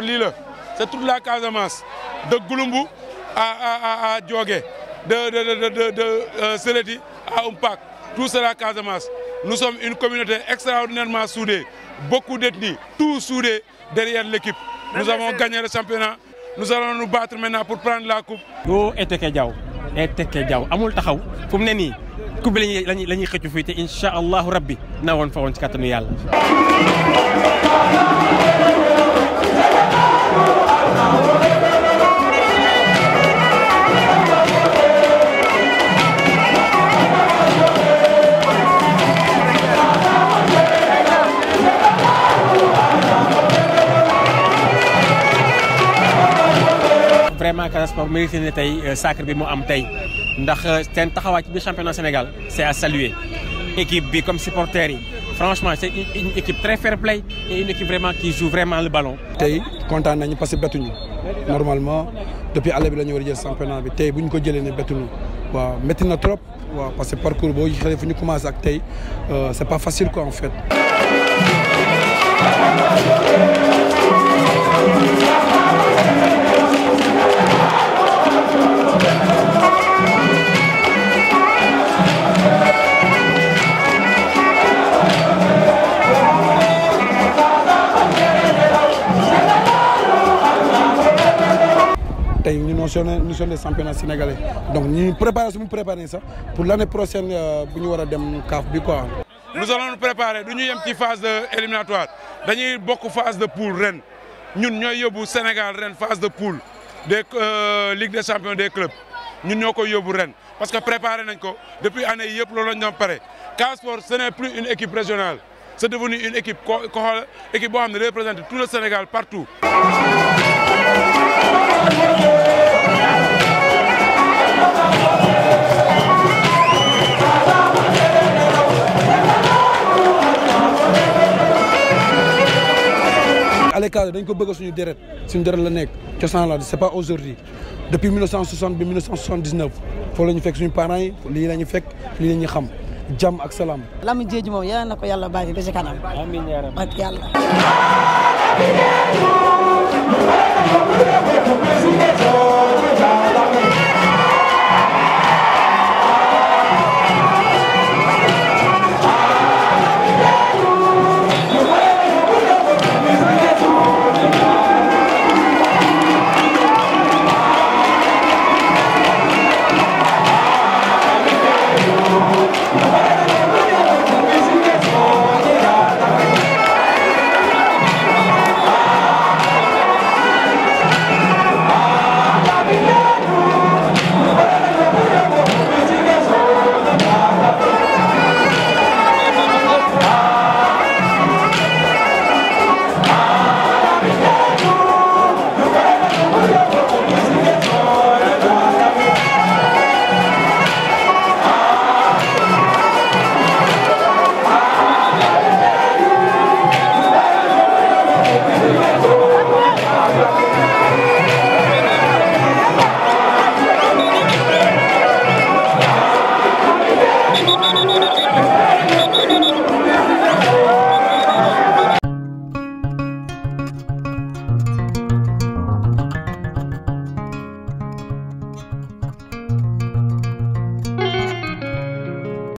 transport c'est toute la Casamance de Gouloumbou à à à Diogué de de de de de euh, à Umpak, tout c'est la Casamance nous sommes une communauté extraordinairement soudée beaucoup d'ethnies tout soudé derrière l'équipe nous avons gagné le championnat nous allons nous battre maintenant pour prendre la coupe. Et Eteke Diaw Eteke Diaw amul taxaw fu mu ne nii coupe bi la ñuy la xëccu fii te incha allahu rabbi na woon fa woon ci vraiment Casa Sport mérité une tey euh, sacre bi mu am tey ndax euh, seen taxawaay ci championnat Sénégal c'est à saluer équipe bi comme supporter. franchement c'est une équipe très fair play et une équipe vraiment qui joue vraiment le ballon. tey kontaan nañu parce que bettuñu normalement depuis aller bi la ñu a jël championnat bi tey bu ñu ko jëlee ne bettuñu waaw métti na trop waaw parce que parcours boo xoolee fu ñu commencé ak euh, c'est pas facile quoi en fait. nous sommes nous sommes les championnats sénégalais donc nous préparons nous préparer ça pour l'année prochaine euh, bu ñu war dem CAF bi quoi. nous allons nous préparer nous avons une ci phase de éliminatoire dañuy bokk phase de poule Rennes ñun ñoy yobu Sénégal Rennes phase de poule des euh, Ligue des champions des clubs nous ñoko yobu yóbbu parce que préparer nañ ko depuis année yëpp lolu lañ doon pare ce n'est plus une équipe régionale c'est devenu une équipe qui représente tout le Sénégal partout. cadre dañ ko bëgg suñu deret suñu deret la nekk cosaan la c'est pas aujourd'hui depuis 1960 bi 1979 foofu la ñu fekk suñu parents yi lii la ñu fekk lii la ñu xam jàmm ak salaam. Lamine Diedhi moom yal na ko yàlla bàyyi ba ci kanam. amiin yaa ak yàlla.